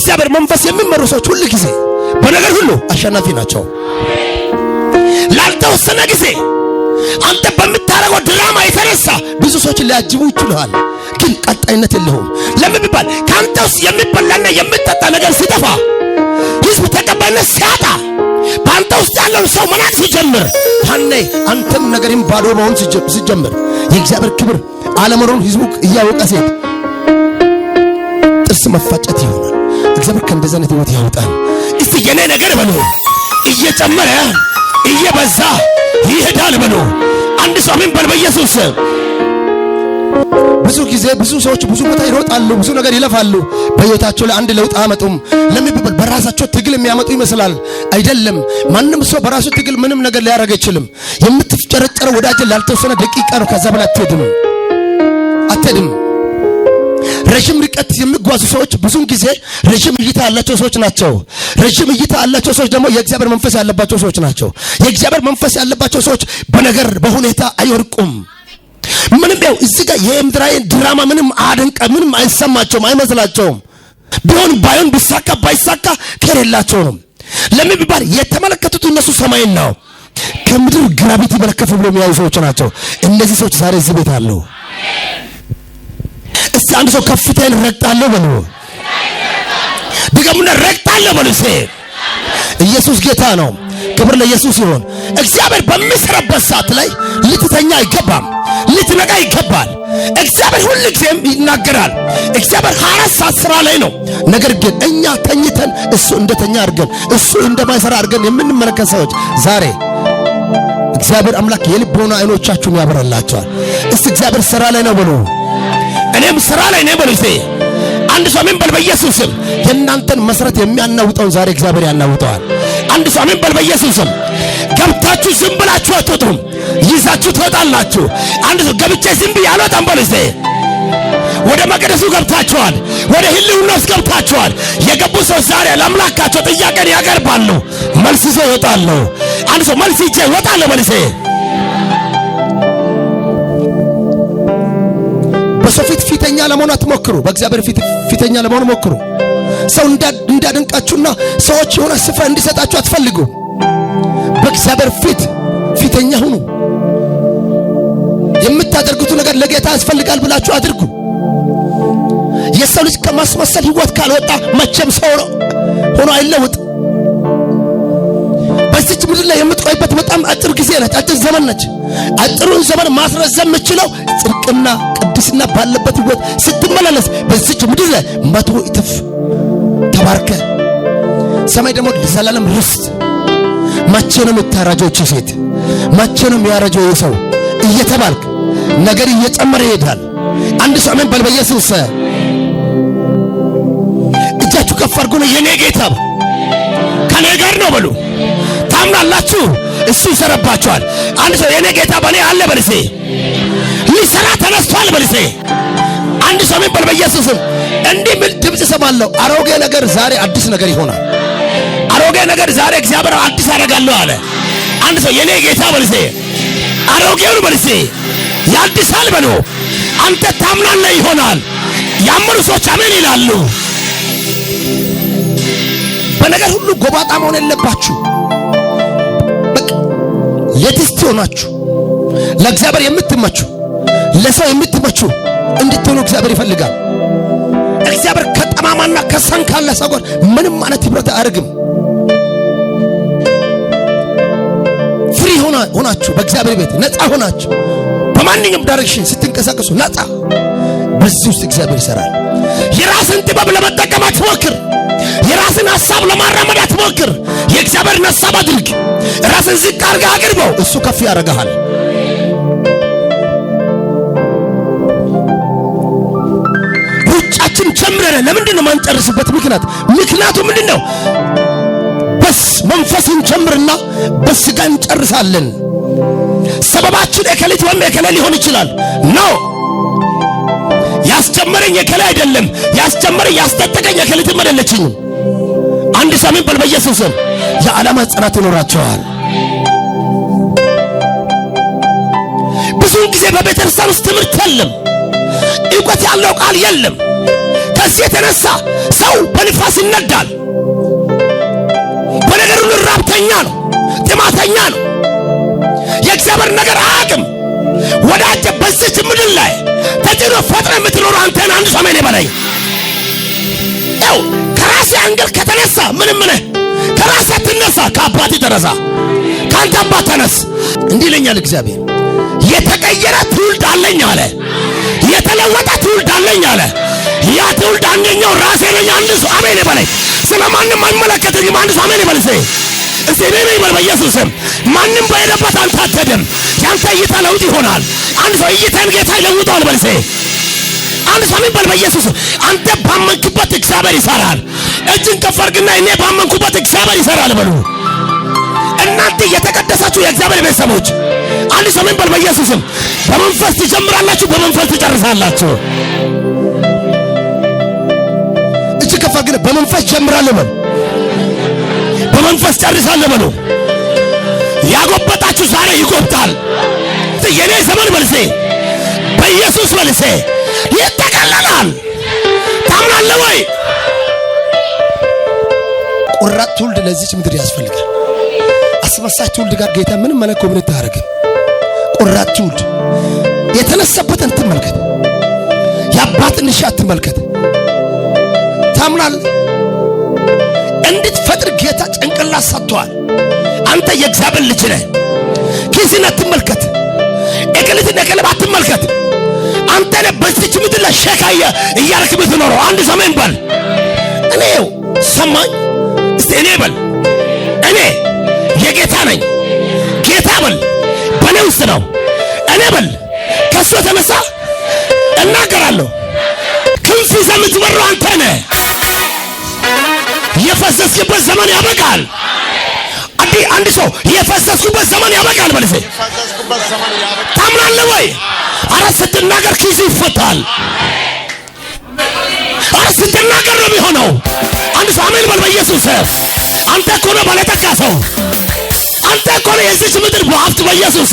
በእግዚአብሔር መንፈስ የሚመሩ ሰዎች ሁሉ ጊዜ በነገር ሁሉ አሸናፊ ናቸው። ላልተወሰነ ጊዜ አንተ በምታደርገው ድራማ የተነሳ ብዙ ሰዎችን ሊያጅቡ ይችላል፣ ግን ቀጣይነት የለውም። ለምን ቢባል ከአንተ ውስጥ የሚበላና የሚጠጣ ነገር ሲጠፋ፣ ህዝብ ተቀባይነት ሲያጣ፣ በአንተ ውስጥ ያለውን ሰው መናቅ ሲጀምር፣ ያኔ አንተም ነገርም ባዶ መሆን ሲጀምር የእግዚአብሔር ክብር አለመኖሩን ህዝቡ እያወቀ ሴት ጥርስ መፋጨት ይሆናል። እግዚአብሔር ከእንደዚህ አይነት ህይወት ያውጣል። እስቲ የኔ ነገር በሉ እየጨመረ እየበዛ ይሄዳል በሉ። አንድ ሰው አሜን በል በኢየሱስ ብዙ ጊዜ ብዙ ሰዎች ብዙ ቦታ ይሮጣሉ፣ ብዙ ነገር ይለፋሉ። በህይወታቸው ላይ አንድ ለውጥ አመጡም። ለሚባል በራሳቸው ትግል የሚያመጡ ይመስላል። አይደለም። ማንም ሰው በራሱ ትግል ምንም ነገር ሊያደርግ አይችልም። የምትፍጨረጨረው ወዳጅ ላልተወሰነ ደቂቃ ነው። ከዛ በላይ አትሄድም፣ አትሄድም። ረዥም ርቀት የሚጓዙ ሰዎች ብዙን ጊዜ ረዥም እይታ ያላቸው ሰዎች ናቸው። ረዥም እይታ ያላቸው ሰዎች ደግሞ የእግዚአብሔር መንፈስ ያለባቸው ሰዎች ናቸው። የእግዚአብሔር መንፈስ ያለባቸው ሰዎች በነገር በሁኔታ አይወርቁም። ምንም ያው እዚህ ጋር የምድራዊ ድራማ ምንም አደንቀ ምንም አይሰማቸውም፣ አይመስላቸውም። ቢሆን ባይሆን ቢሳካ ባይሳካ ከሌላቸው ነው። ለምን ቢባል የተመለከቱት እነሱ ሰማይን ነው ከምድር ግራቪቲ በለከፍ ብሎ የሚያዩ ሰዎች ናቸው። እነዚህ ሰዎች ዛሬ እዚህ ቤት አሉ። እስቲ አንድ ሰው ከፍታዬን ረግጣለሁ በሉ። ድገሙና ረግጣለሁ በሉ። ሴ ኢየሱስ ጌታ ነው። ክብር ለኢየሱስ ይሁን። እግዚአብሔር በሚሰራበት ሰዓት ላይ ልትተኛ አይገባም፣ ልትነቃ ይገባል። እግዚአብሔር ሁል ጊዜም ይናገራል። እግዚአብሔር ሀራት ሰዓት ስራ ላይ ነው። ነገር ግን እኛ ተኝተን እሱ እንደተኛ አድርገን እሱ እንደማይሰራ አድርገን የምንመለከት ሰዎች ዛሬ እግዚአብሔር አምላክ የልቦና አይኖቻችሁን ያበራላቸዋል። እስቲ እግዚአብሔር ስራ ላይ ነው ብሎ እኔም ስራ ላይ ነኝ በሉ። አንድ ሰው አሜን በል። በኢየሱስ ስም የእናንተን መሰረት የሚያናውጠውን ዛሬ እግዚአብሔር ያናውጠዋል። አንድ ሰው አሜን በል። በኢየሱስ ስም ገብታችሁ ዝም ብላችሁ አትወጡም፣ ይዛችሁ ትወጣላችሁ። አንድ ሰው ገብቼ ዝም ብዬ አልወጣም በሉ። ወደ መቅደሱ ገብታችኋል። ወደ ህልውና ውስጥ ገብታችኋል። የገቡ ሰዎች ዛሬ ለአምላካቸው ጥያቄን ያቀርባሉ። መልስ ይዘው ይወጣሉ። አንድ ሰው መልስ ይዤ እወጣለሁ በሉ። ለመሆን አትሞክሩ። በእግዚአብሔር ፊተኛ ለመሆን ሞክሩ። ሰው እንዳደንቃችሁና ሰዎች የሆነ ስፍራ እንዲሰጣችሁ አትፈልጉ። በእግዚአብሔር ፊት ፊተኛ ሁኑ። የምታደርጉት ነገር ለጌታ ያስፈልጋል ብላችሁ አድርጉ። የሰው ልጅ ከማስመሰል ሕይወት ካልወጣ መቼም ሰው ሆኖ አይለውጥ። በዚች ምድር ላይ የምትቆይበት በጣም አጭር ጊዜ ነች፣ አጭር ዘመን ነች። አጭሩን ዘመን ማስረዘም የምችለው ጽድቅና ቅድስና ባለበት ህይወት ስትመላለስ በዚች ምድር ላይ መቶ እጥፍ ተባርከ ሰማይ ደግሞ ለዘላለም ርስት። መቼ ነው የምታራጀው ሴት? መቼ ነው የሚያረጀው ሰው? እየተባልክ ነገር እየጨመረ ይሄዳል። አንድ ሰው አሜን በል በኢየሱስ እጃችሁ ከፍ አድርጎ ነው የኔ ጌታ ከኔ ጋር ነው በሉ ታምናላችሁ? እሱ ይሰራባችኋል። አንድ ሰው የኔ ጌታ በኔ አለ በልሴ ሊሰራ ተነስቷል በልሴ አንድ ሰው የሚባል በኢየሱስም እንዲህ ምን ድምፅ እሰማለሁ። አሮጌ ነገር ዛሬ አዲስ ነገር ይሆናል። አሮጌ ነገር ዛሬ እግዚአብሔር አዲስ አደርጋለሁ አለ። አንድ ሰው የኔ ጌታ በልሴ አሮጌውን በልሴ ያድሳል በሎ አንተ ታምናለህ ይሆናል። ያመኑ ሰዎች አሜን ይላሉ። በነገር ሁሉ ጎባጣ መሆን የለባችሁ። የትስት ሆናችሁ ለእግዚአብሔር የምትመቹ ለሰው የምትመቹ እንድትሆኑ እግዚአብሔር ይፈልጋል። እግዚአብሔር ከጠማማና ከሰንካለ ሰው ጋር ምንም ማለት ህብረት አያደርግም። ፍሪ ሆናችሁ በእግዚአብሔር ቤት ነፃ ሆናችሁ በማንኛውም ዳይሬክሽን ስትንቀሳቀሱ ነፃ፣ በዚህ ውስጥ እግዚአብሔር ይሰራል። የራስን ጥበብ ለመጠቀም አትሞክር። የራስን ሐሳብ ለማራመድ አትሞክር። የእግዚአብሔርን ሐሳብ አድርግ። ራስን ዝቅ አድርገህ አቅርበው፣ እሱ ከፍ ያደርግሃል። ሩጫችን ጀምረን ለምንድን ነው የማንጨርስበት ምክንያት? ምክንያቱ ምንድን ነው? በስ መንፈስን ጀምርና በስጋ እንጨርሳለን። ሰበባችን እከሊት ወይም እከሌ ሊሆን ይችላል ነው ያስጀመረኝ የከለ አይደለም። ያስጀመረኝ ያስጠጠቀኝ የከለትም አይደለችኝም። አንድ ሳምንት በል በኢየሱስ ስም የዓላማ ጽናት ይኖራቸዋል። ብዙውን ጊዜ በቤተ ክርስቲያን ውስጥ ትምህርት የለም፣ እውቀት ያለው ቃል የለም። ከዚህ የተነሳ ሰው በንፋስ ይነዳል። በነገሩ ራብተኛ ነው፣ ጥማተኛ ነው። የእግዚአብሔር ነገር አያውቅም። ወዳጀ በዚች ምድር ላይ ተጭኖ ፈጥረ የምትኖሩ አንተን አንድ ሰሜን በላይ ያው ከራሴ አንገል ከተነሳ ምንም ነህ። ከራሴ አትነሳ፣ ከአባት ተነሳ ከአንተ አባት ተነስ። እንዲህ ይለኛል እግዚአብሔር። የተቀየረ ትውልድ አለኝ አለ። የተለወጠ ትውልድ አለኝ አለ። ያ ትውልድ አንደኛው ራሴ ነኝ። አንድ ሰው አሜን በላይ። ስለማንም አይመለከተኝም። አንድ ሰው አሜን በላይ እስቲ እኔ በል በኢየሱስ ስም። ማንም ባይሄደበት አንተ አትሄድም። ያንተ እይታ ለውጥ ይሆናል። አንድ ሰው እይታን ጌታ ይለውጠዋል። በልሴ አንድ ሰው በል በኢየሱስ አንተ ባመንክበት እግዚአብሔር ይሰራል። እጅን ከፍ አድርግና እኔ ባመንኩበት እግዚአብሔር ይሰራል በሉ። እናንተ የተቀደሳችሁ የእግዚአብሔር ቤተሰቦች አንድ ሰው በል በኢየሱስም በመንፈስ ትጀምራላችሁ፣ በመንፈስ ትጨርሳላችሁ። እጅ ከፍ አድርግና በመንፈስ ጀምራለሁ በል መንፈስ ጨርሳለሁ በሉ። ያጎበጣችሁ ዛሬ ይጎብጣል። የኔ ዘመን መልሴ በኢየሱስ መልሴ ይጠቀለላል። ታምናለ ወይ? ቆራጥ ትውልድ ለዚች ምድር ያስፈልጋል። አስመሳች ትውልድ ጋር ጌታ ምንም መለኮ ምን ታደርግም። ቆራጥ ትውልድ የተነሳበትን ትመልከት፣ የአባትን እሺ አትመልከት። ታምናለህ እንድትፈጥር ጭንቅላት ሰጥቷል። አንተ የእግዚአብሔር ልጅ ነህ። ኪስን አትመልከት፣ እቅልትን እቅልብ አትመልከት። አንተ ነህ በዚች ምድር ላይ ሸካ እያረክ የምትኖረው። አንድ ሰማኝ በል እኔ ሰማኝ። እስቲ እኔ በል እኔ የጌታ ነኝ። ጌታ በል በእኔ ውስጥ ነው። እኔ በል ከእሱ የተነሳ እናገራለሁ። ክንፍ ይዘህ የምትበረው አንተ ነህ። የፈሰስክበት ዘመን ያበቃል። አንድ ሰው የፈሰስኩበት ዘመን ያበቃል። ማለት ነው። ዘመን ያበቃል። ታምናለህ ወይ? ኧረ ስትናገር ኪዙ ይፈታል። ኧረ ስትናገር ነው የሚሆነው። አንድ ሰው አሜን በል። በኢየሱስ አንተ እኮ ነው ባለጠጋ ሰው፣ አንተ እኮ ነው የዚች ምድር ሀብት በኢየሱስ